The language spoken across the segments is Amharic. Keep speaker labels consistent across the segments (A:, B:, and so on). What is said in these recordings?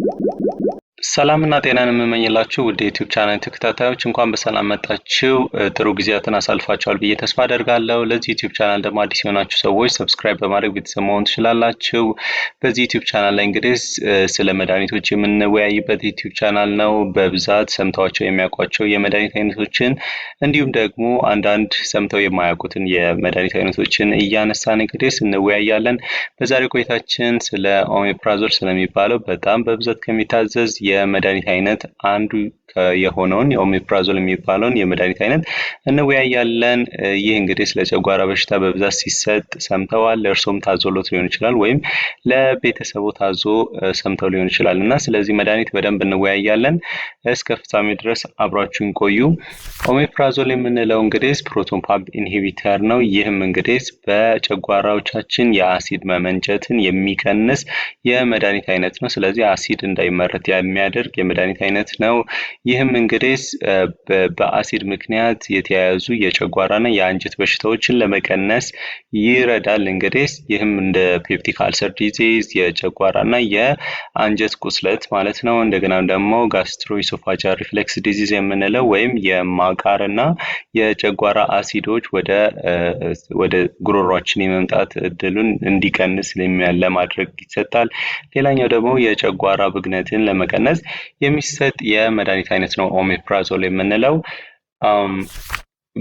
A: you ሰላምና ጤናን የምመኝላችሁ ውድ የዩቲዩብ ቻናል ተከታታዮች እንኳን በሰላም መጣችሁ። ጥሩ ጊዜያትን አሳልፋችኋል ብዬ ተስፋ አደርጋለሁ። ለዚህ ዩቲዩብ ቻናል ደግሞ አዲስ የሆናችሁ ሰዎች ሰብስክራይብ በማድረግ ቤተሰብ መሆን ትችላላችሁ። በዚህ ዩቲዩብ ቻናል ላይ እንግዲህ ስለ መድኃኒቶች የምንወያይበት ዩቲዩብ ቻናል ነው። በብዛት ሰምተዋቸው የሚያውቋቸው የመድኃኒት አይነቶችን እንዲሁም ደግሞ አንዳንድ ሰምተው የማያውቁትን የመድኃኒት አይነቶችን እያነሳን እንግዲህ እንወያያለን። በዛሬ ቆይታችን ስለ ኦሜፕራዞል ስለሚባለው በጣም በብዛት ከሚታዘዝ የ የመድኃኒት አይነት አንዱ የሆነውን የኦሜፕራዞል የሚባለውን የመድኃኒት አይነት እንወያያለን። ይህ እንግዲህ ስለ ጨጓራ በሽታ በብዛት ሲሰጥ ሰምተዋል። እርሶም ታዞሎት ሊሆን ይችላል ወይም ለቤተሰቡ ታዞ ሰምተው ሊሆን ይችላል እና ስለዚህ መድኃኒት በደንብ እንወያያለን። እስከ ፍጻሜ ድረስ አብራችሁን ቆዩ። ኦሜፕራዞል የምንለው እንግዲህ ፕሮቶን ፓምፕ ኢንሂቢተር ነው። ይህም እንግዲህ በጨጓራዎቻችን የአሲድ መመንጨትን የሚቀንስ የመድኃኒት አይነት ነው። ስለዚህ አሲድ እንዳይመረት የሚያደርግ የመድኃኒት አይነት ነው። ይህም እንግዲህ በአሲድ ምክንያት የተያያዙ የጨጓራና የአንጀት በሽታዎችን ለመቀነስ ይረዳል። እንግዲህ ይህም እንደ ፔፕቲክ አልሰር ዲዚዝ የጨጓራና የአንጀት ቁስለት ማለት ነው። እንደገና ደግሞ ጋስትሮኢሶፋጃል ሪፍሌክስ ዲዚዝ የምንለው ወይም የማቃርና የጨጓራ አሲዶች ወደ ወደ ጉሮሯችን የመምጣት እድሉን እንዲቀንስ ለማድረግ ይሰጣል። ሌላኛው ደግሞ የጨጓራ ብግነትን ለመቀነስ የሚሰጥ የመድኃኒት አይነት ነው ኦሜፕራዞል የምንለው um,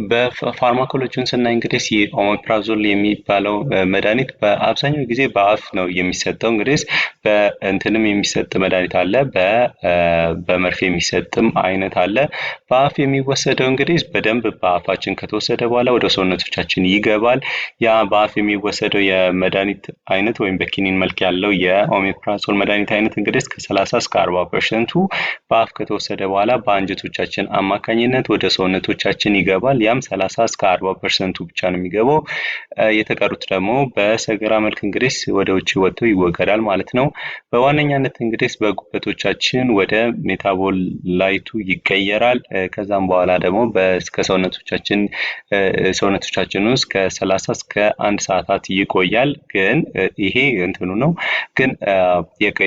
A: በፋርማኮሎጂውን ስናይ እንግዲህ ኦሜፕራዞል የሚባለው መድኃኒት በአብዛኛው ጊዜ በአፍ ነው የሚሰጠው። እንግዲህ በእንትንም የሚሰጥ መድኃኒት አለ፣ በመርፌ የሚሰጥም አይነት አለ። በአፍ የሚወሰደው እንግዲህ በደንብ በአፋችን ከተወሰደ በኋላ ወደ ሰውነቶቻችን ይገባል። ያ በአፍ የሚወሰደው የመድኃኒት አይነት ወይም በኪኒን መልክ ያለው የኦሜፕራዞል መድኃኒት አይነት እንግዲህ ከ እስከ አርባ ፐርሰንቱ በአፍ ከተወሰደ በኋላ በአንጀቶቻችን አማካኝነት ወደ ሰውነቶቻችን ይገባል። ይሆናል። ያም 30 እስከ 40 ፐርሰንቱ ብቻ ነው የሚገባው። የተቀሩት ደግሞ በሰገራ መልክ እንግዲህ ወደ ውጭ ወጥቶ ይወገዳል ማለት ነው። በዋነኛነት እንግዲህ በጉበቶቻችን ወደ ሜታቦላይቱ ይቀየራል። ከዛም በኋላ ደግሞ እስከ ሰውነቶቻችን ሰውነቶቻችን ውስጥ ከ30 እስከ አንድ ሰዓታት ይቆያል። ግን ይሄ እንትኑ ነው ግን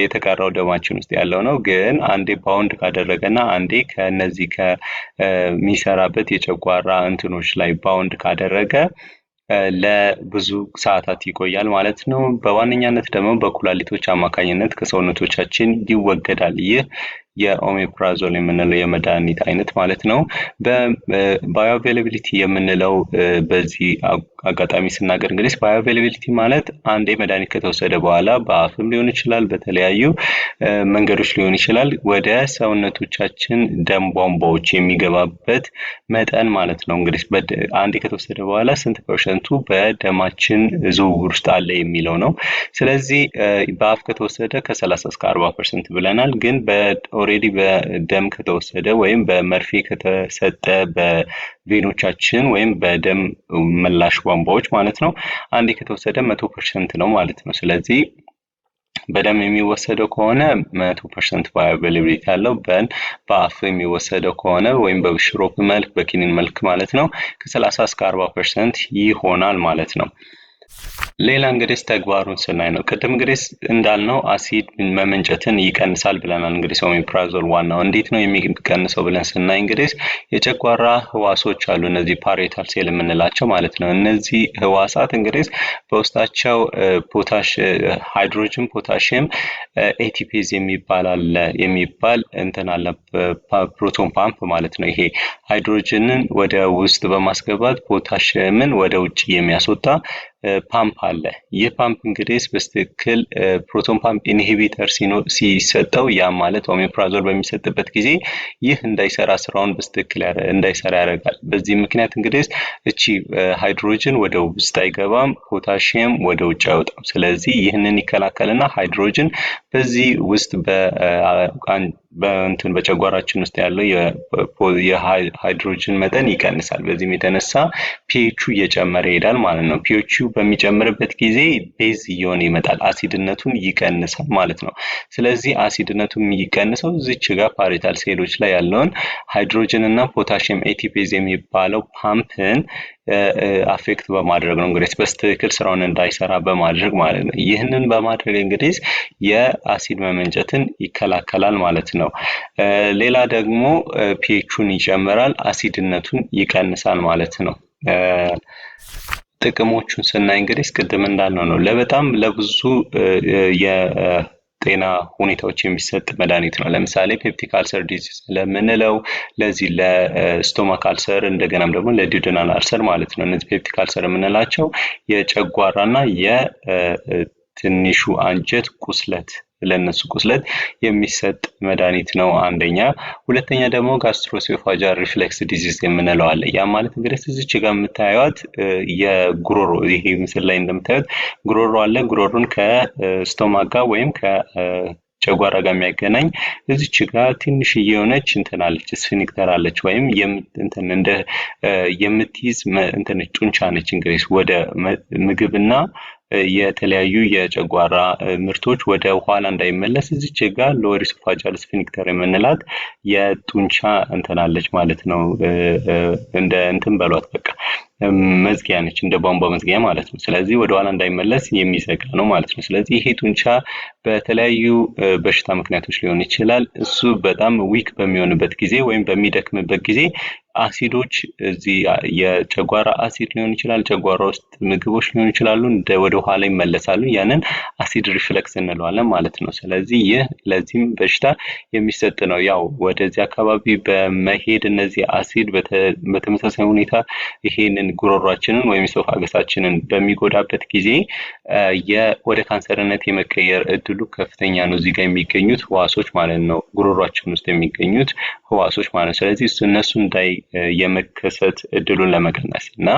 A: የተቀረው ደማችን ውስጥ ያለው ነው። ግን አንዴ ባውንድ ካደረገና አንዴ ከነዚህ ከሚሰራበት የጨጓራ እንትኖች ላይ ባውንድ ካደረገ ለብዙ ሰዓታት ይቆያል ማለት ነው። በዋነኛነት ደግሞ በኩላሊቶች አማካኝነት ከሰውነቶቻችን ይወገዳል። ይህ የኦሜፕራዞል የምንለው የመድኃኒት አይነት ማለት ነው። በባዮአቬላቢሊቲ የምንለው በዚህ አጋጣሚ ስናገር እንግዲህ ባዮአቬላቢሊቲ ማለት አንድ የመድኃኒት ከተወሰደ በኋላ በአፍም ሊሆን ይችላል፣ በተለያዩ መንገዶች ሊሆን ይችላል፣ ወደ ሰውነቶቻችን ደም ቧንቧዎች የሚገባበት መጠን ማለት ነው። እንግዲህ አንዴ ከተወሰደ በኋላ ስንት ፐርሰንቱ በደማችን ዝውውር ውስጥ አለ የሚለው ነው። ስለዚህ በአፍ ከተወሰደ ከ30 እስከ 40 ፐርሰንት ብለናል ግን ኦሬዲ በደም ከተወሰደ ወይም በመርፌ ከተሰጠ በቬኖቻችን ወይም በደም መላሽ ቧንቧዎች ማለት ነው አንዴ ከተወሰደ መቶ ፐርሰንት ነው ማለት ነው። ስለዚህ በደም የሚወሰደው ከሆነ መቶ ፐርሰንት ቫያቢሊቲ አለው። በን በአፍ የሚወሰደው ከሆነ ወይም በሽሮፕ መልክ በኪኒን መልክ ማለት ነው ከሰላሳ እስከ አርባ ፐርሰንት ይሆናል ማለት ነው። ሌላ እንግዲህ ተግባሩን ስናይ ነው። ቅድም እንግዲህ እንዳልነው አሲድ መመንጨትን ይቀንሳል ብለናል። እንግዲህ ኦሜፕራዞል ዋናው እንዴት ነው የሚቀንሰው ብለን ስናይ እንግዲህ የጨጓራ ህዋሶች አሉ፣ እነዚህ ፓሬታል ሴል የምንላቸው ማለት ነው። እነዚህ ህዋሳት እንግዲህ በውስጣቸው ፖታሽ፣ ሃይድሮጅን፣ ፖታሽየም ኤቲፔዝ የሚባል አለ የሚባል እንትን አለ ፕሮቶን ፓምፕ ማለት ነው። ይሄ ሃይድሮጅንን ወደ ውስጥ በማስገባት ፖታሽየምን ወደ ውጭ የሚያስወጣ ፓምፕ አለ። ይህ ፓምፕ እንግዲህ በስትክክል ፕሮቶን ፓምፕ ኢንሂቢተር ሲሰጠው ያ ማለት ኦሜፕራዞል በሚሰጥበት ጊዜ ይህ እንዳይሰራ ስራውን በስትክክል እንዳይሰራ ያደርጋል። በዚህ ምክንያት እንግዲህ እቺ ሃይድሮጅን ወደ ውስጥ አይገባም፣ ፖታሽየም ወደ ውጭ አይወጣም። ስለዚህ ይህንን ይከላከልና ሃይድሮጅን በዚህ ውስጥ በእንትን በጨጓራችን ውስጥ ያለው የሃይድሮጅን መጠን ይቀንሳል። በዚህም የተነሳ ፒኤቹ እየጨመረ ይሄዳል ማለት ነው። ፒኤቹ በሚጨምርበት ጊዜ ቤዝ እየሆነ ይመጣል፣ አሲድነቱን ይቀንሳል ማለት ነው። ስለዚህ አሲድነቱ የሚቀንሰው እዚች ጋር ፓሪታል ሴሎች ላይ ያለውን ሃይድሮጅን እና ፖታሽየም ኤቲፔዝ የሚባለው ፓምፕን አፌክት በማድረግ ነው። እንግዲህ በስትክክል ስራውን እንዳይሰራ በማድረግ ማለት ነው። ይህንን በማድረግ እንግዲህ የአሲድ መመንጨትን ይከላከላል ማለት ነው። ነው። ሌላ ደግሞ ፒኤቹን ይጨምራል፣ አሲድነቱን ይቀንሳል ማለት ነው። ጥቅሞቹን ስናይ እንግዲህ እስቅድም እንዳልነው ነው ለበጣም ለብዙ የጤና ሁኔታዎች የሚሰጥ መድኃኒት ነው። ለምሳሌ ፔፕቲክ አልሰር ዲዚዝ ለምንለው ለዚህ ለስቶማክ አልሰር እንደገናም ደግሞ ለዲድናል አልሰር ማለት ነው። እነዚህ ፔፕቲክ አልሰር የምንላቸው የጨጓራና የትንሹ አንጀት ቁስለት ለእነሱ ቁስለት የሚሰጥ መድኃኒት ነው አንደኛ። ሁለተኛ ደግሞ ጋስትሮሴፋጃል ሪፍሌክስ ዲዚዝ የምንለው አለ። ያ ማለት እንግዲህ እዚች ጋር የምታዩት የጉሮሮ ይሄ ምስል ላይ እንደምታዩት ጉሮሮ አለ። ጉሮሮን ከስቶማክ ጋር ወይም ጨጓራ ጋር የሚያገናኝ እዚች ጋር ትንሽ እየሆነች እንትን አለች፣ ስፊንክተር አለች ወይም እንደ የምትይዝ እንትን ጡንቻ ነች። እንግዲህ ወደ ምግብና የተለያዩ የጨጓራ ምርቶች ወደ ኋላ እንዳይመለስ እዚች ጋ ሎወር ስፊንክተር የምንላት የጡንቻ እንትናለች ማለት ነው። እንደ እንትን በሏት በቃ መዝጊያ ነች፣ እንደ ቧንቧ መዝጊያ ማለት ነው። ስለዚህ ወደኋላ እንዳይመለስ የሚዘጋ ነው ማለት ነው። ስለዚህ ይሄ ጡንቻ በተለያዩ በሽታ ምክንያቶች ሊሆን ይችላል። እሱ በጣም ዊክ በሚሆንበት ጊዜ ወይም በሚደክምበት ጊዜ አሲዶች እዚህ የጨጓራ አሲድ ሊሆን ይችላል፣ ጨጓራ ውስጥ ምግቦች ሊሆን ይችላሉ፣ እንደ ወደ ኋላ ይመለሳሉ። ያንን አሲድ ሪፍለክስ እንለዋለን ማለት ነው። ስለዚህ ይህ ለዚህም በሽታ የሚሰጥ ነው። ያው ወደዚህ አካባቢ በመሄድ እነዚህ አሲድ በተመሳሳይ ሁኔታ ይሄንን ጉሮሯችንን ወይም ኢሶፋገሳችንን በሚጎዳበት ጊዜ ወደ ካንሰርነት የመቀየር እድሉ ከፍተኛ ነው። እዚህ ጋር የሚገኙት ህዋሶች ማለት ነው፣ ጉሮሯችን ውስጥ የሚገኙት ህዋሶች ማለት ነው። ስለዚህ እነሱ እንዳይ የመከሰት እድሉን ለመቀነስ እና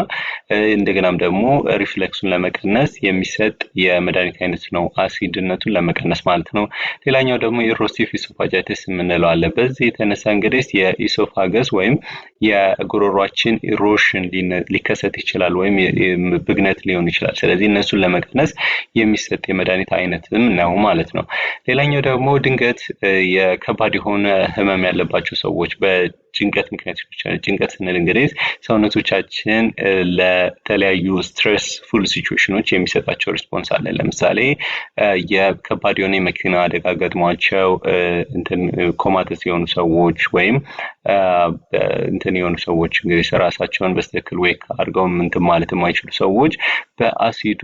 A: እንደገናም ደግሞ ሪፍሌክሱን ለመቀነስ የሚሰጥ የመድኃኒት አይነት ነው፣ አሲድነቱን ለመቀነስ ማለት ነው። ሌላኛው ደግሞ የሮሲቭ ኢሶፋጃይተስ የምንለው አለ። በዚህ የተነሳ እንግዲህ የኢሶፋገስ ወይም የጉሮሯችን ኢሮሽን ሊከሰት ይችላል፣ ወይም ብግነት ሊሆን ይችላል። ስለዚህ እነሱን ለመቀነስ የሚሰጥ የመድኃኒት አይነትም ነው ማለት ነው። ሌላኛው ደግሞ ድንገት የከባድ የሆነ ህመም ያለባቸው so which bed ጭንቀት ምክንያት ይቻላል። ጭንቀት ስንል እንግዲህ ሰውነቶቻችን ለተለያዩ ስትረስ ፉል ሲቹዌሽኖች የሚሰጣቸው ሪስፖንስ አለ። ለምሳሌ የከባድ የሆነ የመኪና አደጋ ገጥሟቸው እንትን ኮማተስ የሆኑ ሰዎች ወይም እንትን የሆኑ ሰዎች እንግዲህ ራሳቸውን በስተክል ዌክ አድርገው እንትን ማለት የማይችሉ ሰዎች በአሲዱ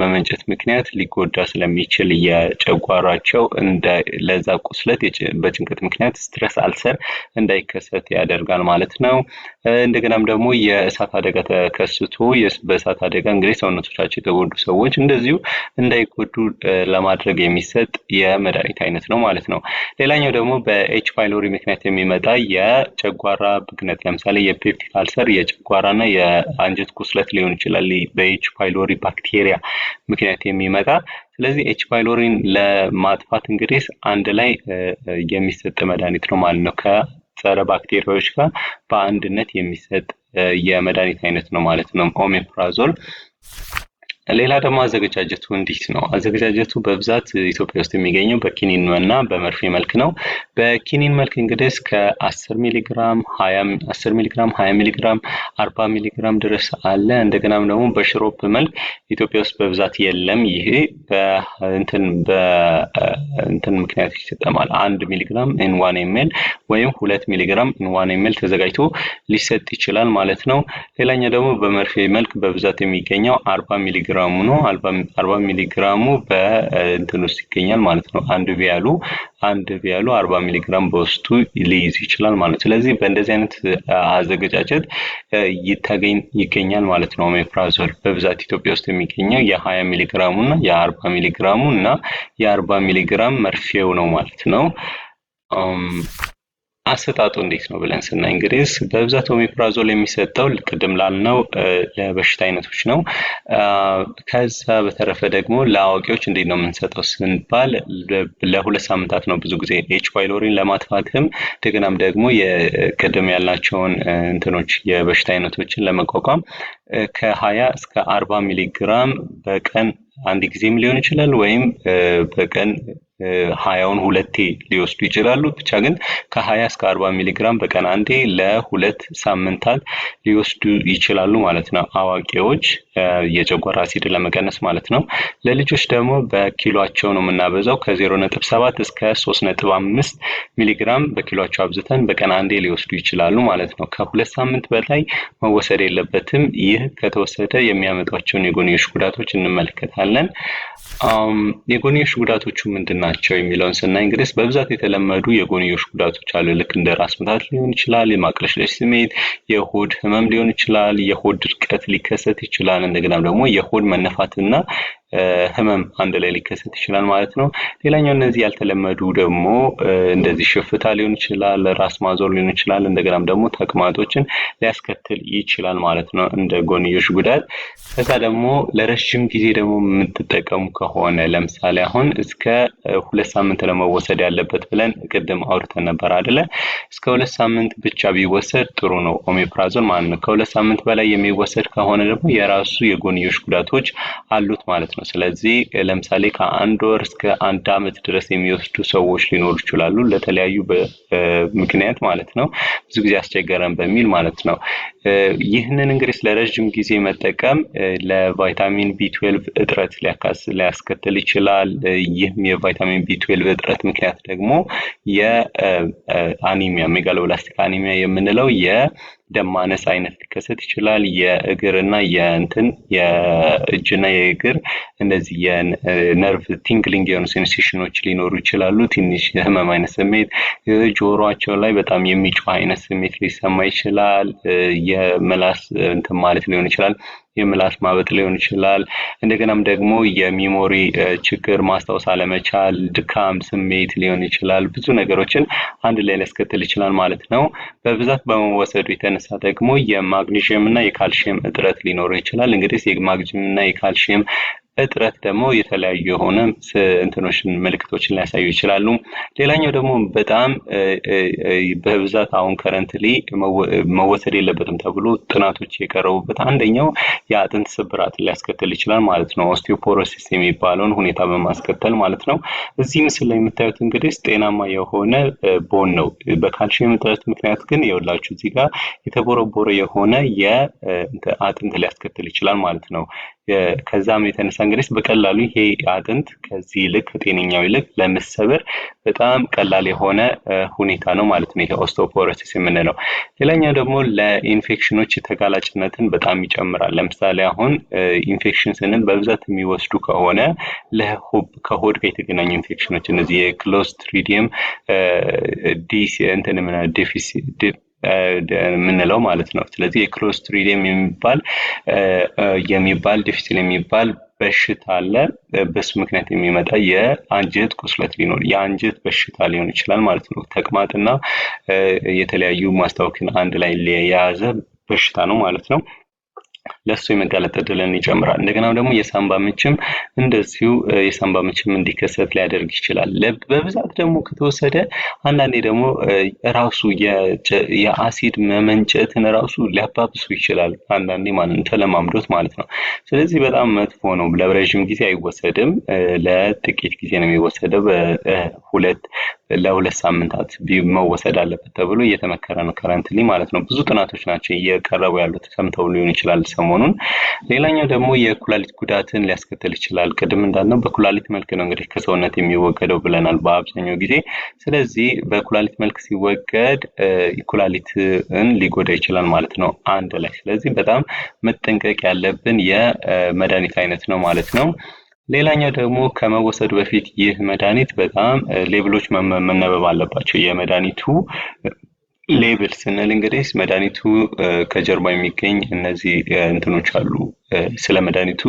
A: መመንጨት ምክንያት ሊጎዳ ስለሚችል የጨጓራቸው ለዛ ቁስለት በጭንቀት ምክንያት ስትረስ አልሰር እንዳይከሰት እንዲከሰት ያደርጋል ማለት ነው። እንደገናም ደግሞ የእሳት አደጋ ተከስቶ በእሳት አደጋ እንግዲህ ሰውነቶቻቸው የተጎዱ ሰዎች እንደዚሁ እንዳይጎዱ ለማድረግ የሚሰጥ የመድኃኒት አይነት ነው ማለት ነው። ሌላኛው ደግሞ በኤች ፓይሎሪ ምክንያት የሚመጣ የጨጓራ ብግነት ለምሳሌ የፔፕቲክ አልሰር የጨጓራና የአንጀት ቁስለት ሊሆን ይችላል በኤች ፓይሎሪ ባክቴሪያ ምክንያት የሚመጣ ስለዚህ ኤች ፓይሎሪን ለማጥፋት እንግዲህ አንድ ላይ የሚሰጥ መድኃኒት ነው ማለት ነው። ጸረ ባክቴሪያዎች ጋር በአንድነት የሚሰጥ የመድኃኒት አይነት ነው ማለት ነው ኦሜፕራዞል ሌላ ደግሞ አዘገጃጀቱ እንዴት ነው? አዘገጃጀቱ በብዛት ኢትዮጵያ ውስጥ የሚገኘው በኪኒን እና በመርፌ መልክ ነው። በኪኒን መልክ እንግዲህ እስከ 10 ሚሊግራም 10 ሚሊግራም 20 ሚሊግራም 40 ሚሊግራም ድረስ አለ። እንደገናም ደግሞ በሽሮፕ መልክ ኢትዮጵያ ውስጥ በብዛት የለም። ይሄ በእንትን በእንትን ምክንያት ይሰጠማል። አንድ ሚሊግራም ኢን ዋን ኤምኤል ወይም ሁለት ሚሊግራም ኢን ዋን ኤምኤል ተዘጋጅቶ ሊሰጥ ይችላል ማለት ነው። ሌላኛው ደግሞ በመርፌ መልክ በብዛት የሚገኘው 40 ሚሊግራም ሚሊግራሙ ነው። አርባ ሚሊግራሙ በእንትን ውስጥ ይገኛል ማለት ነው። አንድ ቪያሉ አንድ ቪያሉ አርባ ሚሊግራም በውስጡ ሊይዝ ይችላል ማለት ስለዚህ በእንደዚህ አይነት አዘገጃጀት ይታገኝ ይገኛል ማለት ነው። ሜፍራዞል በብዛት ኢትዮጵያ ውስጥ የሚገኘው የሀያ ሚሊግራሙ እና የአርባ ሚሊግራሙ እና የአርባ ሚሊግራም መርፌው ነው ማለት ነው። አሰጣጡ እንዴት ነው ብለን ስናይ እንግዲህ በብዛት ኦሜፕራዞል የሚሰጠው ቅድም ላልነው ለበሽታ አይነቶች ነው። ከዛ በተረፈ ደግሞ ለአዋቂዎች እንዴት ነው የምንሰጠው ስንባል ለሁለት ሳምንታት ነው ብዙ ጊዜ ኤች ፓይሎሪን ለማጥፋትም እንደገናም ደግሞ የቅድም ያልናቸውን እንትኖች የበሽታ አይነቶችን ለመቋቋም ከሀያ እስከ አርባ ሚሊግራም በቀን አንድ ጊዜም ሊሆን ይችላል ወይም በቀን ሀያውን ሁለቴ ሊወስዱ ይችላሉ። ብቻ ግን ከሀያ እስከ አርባ ሚሊግራም በቀን አንዴ ለሁለት ሳምንታት ሊወስዱ ይችላሉ ማለት ነው። አዋቂዎች የጨጓራ አሲድ ለመቀነስ ማለት ነው። ለልጆች ደግሞ በኪሏቸው ነው የምናበዛው። ከዜሮ ነጥብ ሰባት እስከ ሶስት ነጥብ አምስት ሚሊግራም በኪሏቸው አብዝተን በቀን አንዴ ሊወስዱ ይችላሉ ማለት ነው። ከሁለት ሳምንት በላይ መወሰድ የለበትም። ይህ ከተወሰደ የሚያመጧቸውን የጎንዮሽ ጉዳቶች እንመለከታለን። የጎንዮሽ ጉዳቶቹ ምንድን ናቸው የሚለውን ስናይ እንግዲህ በብዛት የተለመዱ የጎንዮሽ ጉዳቶች አሉ። ልክ እንደ ራስ ምታት ሊሆን ይችላል፣ የማቅለሽለሽ ስሜት፣ የሆድ ህመም ሊሆን ይችላል፣ የሆድ ድርቀት ሊከሰት ይችላል። እንደገናም ደግሞ የሆድ መነፋትና ህመም አንድ ላይ ሊከሰት ይችላል ማለት ነው። ሌላኛው እነዚህ ያልተለመዱ ደግሞ እንደዚህ ሽፍታ ሊሆን ይችላል፣ ራስ ማዞር ሊሆን ይችላል፣ እንደገናም ደግሞ ተቅማጦችን ሊያስከትል ይችላል ማለት ነው እንደ ጎንዮሽ ጉዳት። ከዛ ደግሞ ለረዥም ጊዜ ደግሞ የምትጠቀሙ ከሆነ ለምሳሌ አሁን እስከ ሁለት ሳምንት ለመወሰድ ያለበት ብለን ቅድም አውርተን ነበር አደለ? እስከ ሁለት ሳምንት ብቻ ቢወሰድ ጥሩ ነው ኦሜፕራዞን ማለት ነው። ከሁለት ሳምንት በላይ የሚወሰድ ከሆነ ደግሞ የራሱ የጎንዮሽ ጉዳቶች አሉት ማለት ነው። ነው። ስለዚህ ለምሳሌ ከአንድ ወር እስከ አንድ አመት ድረስ የሚወስዱ ሰዎች ሊኖሩ ይችላሉ፣ ለተለያዩ ምክንያት ማለት ነው። ብዙ ጊዜ አስቸገረን በሚል ማለት ነው። ይህንን እንግዲህ ለረዥም ጊዜ መጠቀም ለቫይታሚን ቢ12 እጥረት ሊያስከትል ይችላል። ይህም የቫይታሚን ቢ12 እጥረት ምክንያት ደግሞ የአኒሚያ ሜጋሎብላስቲክ አኒሚያ የምንለው ደም ማነስ አይነት ሊከሰት ይችላል። የእግርና የእንትን የእጅና የእግር እነዚህ የነርቭ ቲንግሊንግ የሆኑ ሴንሴሽኖች ሊኖሩ ይችላሉ። ትንሽ የህመም አይነት ስሜት፣ ጆሮቸው ላይ በጣም የሚጮህ አይነት ስሜት ሊሰማ ይችላል። የመላስ እንትን ማለት ሊሆን ይችላል። የምላስ ማበጥ ሊሆን ይችላል። እንደገናም ደግሞ የሚሞሪ ችግር፣ ማስታወስ አለመቻል፣ ድካም ስሜት ሊሆን ይችላል። ብዙ ነገሮችን አንድ ላይ ሊያስከትል ይችላል ማለት ነው። በብዛት በመወሰዱ የተነሳ ደግሞ የማግኒዥየም እና የካልሽየም እጥረት ሊኖረው ይችላል። እንግዲህ የማግኒዥየም እና የካልሽየም እጥረት ደግሞ የተለያዩ የሆነ እንትኖችን ምልክቶችን ሊያሳዩ ይችላሉ። ሌላኛው ደግሞ በጣም በብዛት አሁን ከረንትሊ መወሰድ የለበትም ተብሎ ጥናቶች የቀረቡበት አንደኛው የአጥንት ስብራትን ሊያስከትል ይችላል ማለት ነው። ኦስቲዮፖሮሲስ የሚባለውን ሁኔታ በማስከተል ማለት ነው። እዚህ ምስል ላይ የምታዩት እንግዲህ ጤናማ የሆነ ቦን ነው። በካልሽየም እጥረት ምክንያት ግን የወላችሁ እዚህ ጋር የተቦረቦረ የሆነ የአጥንት ሊያስከትል ይችላል ማለት ነው። ከዛም የተነሳ እንግዲህ በቀላሉ ይሄ አጥንት ከዚህ ይልቅ ጤነኛው ይልቅ ለመሰበር በጣም ቀላል የሆነ ሁኔታ ነው ማለት ነው። ይሄ ኦስቶፖሮሲስ የምንለው። ሌላኛው ደግሞ ለኢንፌክሽኖች ተጋላጭነትን በጣም ይጨምራል። ለምሳሌ አሁን ኢንፌክሽን ስንል በብዛት የሚወስዱ ከሆነ ለሆብ ከሆድ ጋር የተገናኙ ኢንፌክሽኖች እነዚህ የክሎስትሪዲየም ዲስ እንትን የምንለው ማለት ነው። ስለዚህ የክሎስትሪዲየም የሚባል የሚባል ዲፊሲል የሚባል በሽታ አለ። በሱ ምክንያት የሚመጣ የአንጀት ቁስለት ሊኖር የአንጀት በሽታ ሊሆን ይችላል ማለት ነው። ተቅማጥና የተለያዩ ማስታወክን አንድ ላይ የያዘ በሽታ ነው ማለት ነው። ለእሱ የመጋለጥ እድልን ይጨምራል። እንደገናም ደግሞ የሳምባ ምችም እንደዚሁ የሳምባ ምችም እንዲከሰት ሊያደርግ ይችላል። በብዛት ደግሞ ከተወሰደ አንዳንዴ ደግሞ ራሱ የአሲድ መመንጨትን ራሱ ሊያባብሱ ይችላል። አንዳንዴ ማለት ተለማምዶት ማለት ነው። ስለዚህ በጣም መጥፎ ነው። ለረዥም ጊዜ አይወሰድም። ለጥቂት ጊዜ ነው የሚወሰደው። በሁለት ለሁለት ሳምንታት መወሰድ አለበት ተብሎ እየተመከረ ነው ከረንትሊ ማለት ነው። ብዙ ጥናቶች ናቸው እየቀረቡ ያሉት። ሰምተው ሊሆን ይችላል ሰሞ መሆኑን። ሌላኛው ደግሞ የኩላሊት ጉዳትን ሊያስከትል ይችላል። ቅድም እንዳልነው በኩላሊት መልክ ነው እንግዲህ ከሰውነት የሚወገደው ብለናል በአብዛኛው ጊዜ። ስለዚህ በኩላሊት መልክ ሲወገድ ኩላሊትን ሊጎዳ ይችላል ማለት ነው አንድ ላይ። ስለዚህ በጣም መጠንቀቅ ያለብን የመድኃኒት አይነት ነው ማለት ነው። ሌላኛው ደግሞ ከመወሰዱ በፊት ይህ መድኃኒት በጣም ሌብሎች መነበብ አለባቸው። የመድኃኒቱ ሌብል ስንል እንግዲህ መድኃኒቱ ከጀርባ የሚገኝ እነዚህ እንትኖች አሉ ስለ መድኃኒቱ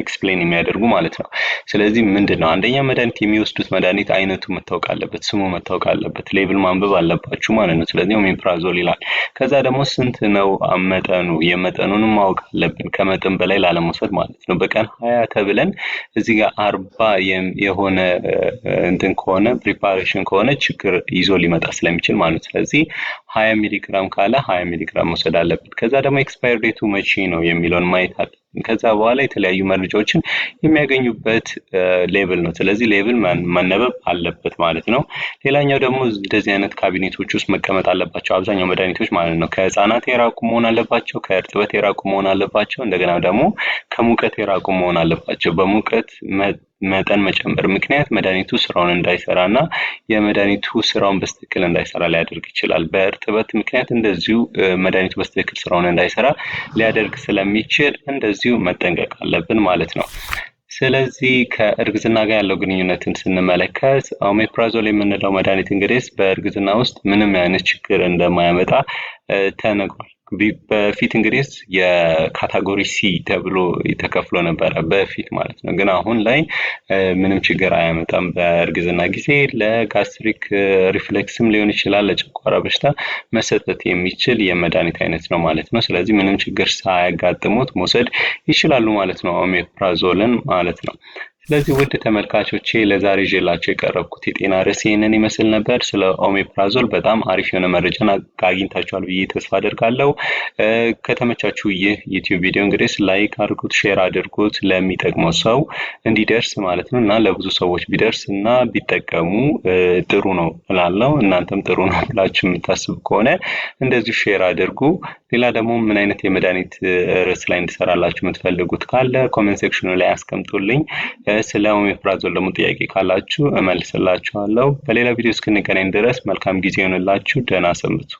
A: ኤክስፕሌን የሚያደርጉ ማለት ነው። ስለዚህ ምንድን ነው አንደኛ መድኃኒት የሚወስዱት መድኃኒት አይነቱ መታወቅ አለበት፣ ስሙ መታወቅ አለበት፣ ሌብል ማንበብ አለባችሁ ማለት ነው። ስለዚህ ኦሜፕራዞል ይላል። ከዛ ደግሞ ስንት ነው መጠኑ፣ የመጠኑንም ማወቅ አለብን፣ ከመጠን በላይ ላለመውሰድ ማለት ነው። በቀን ሀያ ተብለን እዚህ ጋር አርባ የሆነ እንትን ከሆነ ፕሪፓሬሽን ከሆነ ችግር ይዞ ሊመጣ ስለሚችል ማለት ነው። ስለዚህ ሀያ ሚሊግራም ካለ ሀያ ሚሊግራም መውሰድ አለበት። ከዛ ደግሞ ኤክስፓየር ዴቱ መቼ ነው የሚለውን ማየት happen ከዛ በኋላ የተለያዩ መረጃዎችን የሚያገኙበት ሌቭል ነው። ስለዚህ ሌቭል መነበብ አለበት ማለት ነው። ሌላኛው ደግሞ እንደዚህ አይነት ካቢኔቶች ውስጥ መቀመጥ አለባቸው አብዛኛው መድኃኒቶች ማለት ነው። ከህፃናት የራቁ መሆን አለባቸው። ከእርጥበት የራቁ መሆን አለባቸው። እንደገና ደግሞ ከሙቀት የራቁ መሆን አለባቸው። በሙቀት መጠን መጨመር ምክንያት መድኃኒቱ ስራውን እንዳይሰራ እና የመድኃኒቱ ስራውን በስትክክል እንዳይሰራ ሊያደርግ ይችላል። በእርጥበት ምክንያት እንደዚሁ መድኃኒቱ በስትክክል ስራውን እንዳይሰራ ሊያደርግ ስለሚችል እንደዚ እንደዚሁ መጠንቀቅ አለብን ማለት ነው። ስለዚህ ከእርግዝና ጋር ያለው ግንኙነትን ስንመለከት ኦሜፕራዞል የምንለው መድኃኒት እንግዲህ በእርግዝና ውስጥ ምንም አይነት ችግር እንደማያመጣ ተነግሯል። በፊት እንግዲህ የካታጎሪ ሲ ተብሎ ተከፍሎ ነበረ በፊት ማለት ነው። ግን አሁን ላይ ምንም ችግር አያመጣም። በእርግዝና ጊዜ ለጋስትሪክ ሪፍሌክስም ሊሆን ይችላል ለጨጓራ በሽታ መሰጠት የሚችል የመድኃኒት አይነት ነው ማለት ነው። ስለዚህ ምንም ችግር ሳያጋጥሙት መውሰድ ይችላሉ ማለት ነው ኦሜፕራዞልን ማለት ነው። ስለዚህ ውድ ተመልካቾቼ ለዛሬ ይዤላችሁ የቀረብኩት የጤና ርዕስ ይህንን ይመስል ነበር። ስለ ኦሜፕራዞል በጣም አሪፍ የሆነ መረጃን አግኝታችኋል ብዬ ተስፋ አደርጋለሁ። ከተመቻችሁ ይህ ዩቲዩብ ቪዲዮ እንግዲህ ላይክ አድርጉት፣ ሼር አድርጉት ለሚጠቅመው ሰው እንዲደርስ ማለት ነው እና ለብዙ ሰዎች ቢደርስ እና ቢጠቀሙ ጥሩ ነው እላለሁ። እናንተም ጥሩ ነው ብላችሁ የምታስብ ከሆነ እንደዚሁ ሼር አድርጉ። ሌላ ደግሞ ምን አይነት የመድኃኒት ርዕስ ላይ እንድሰራላችሁ የምትፈልጉት ካለ ኮመንት ሴክሽኑ ላይ አስቀምጡልኝ። ስለ ኦሜፕራዞል ደግሞ ጥያቄ ካላችሁ እመልስላችኋለሁ። በሌላ ቪዲዮ እስክንገናኝ ድረስ መልካም ጊዜ ይሆንላችሁ። ደህና ሰንብቱ።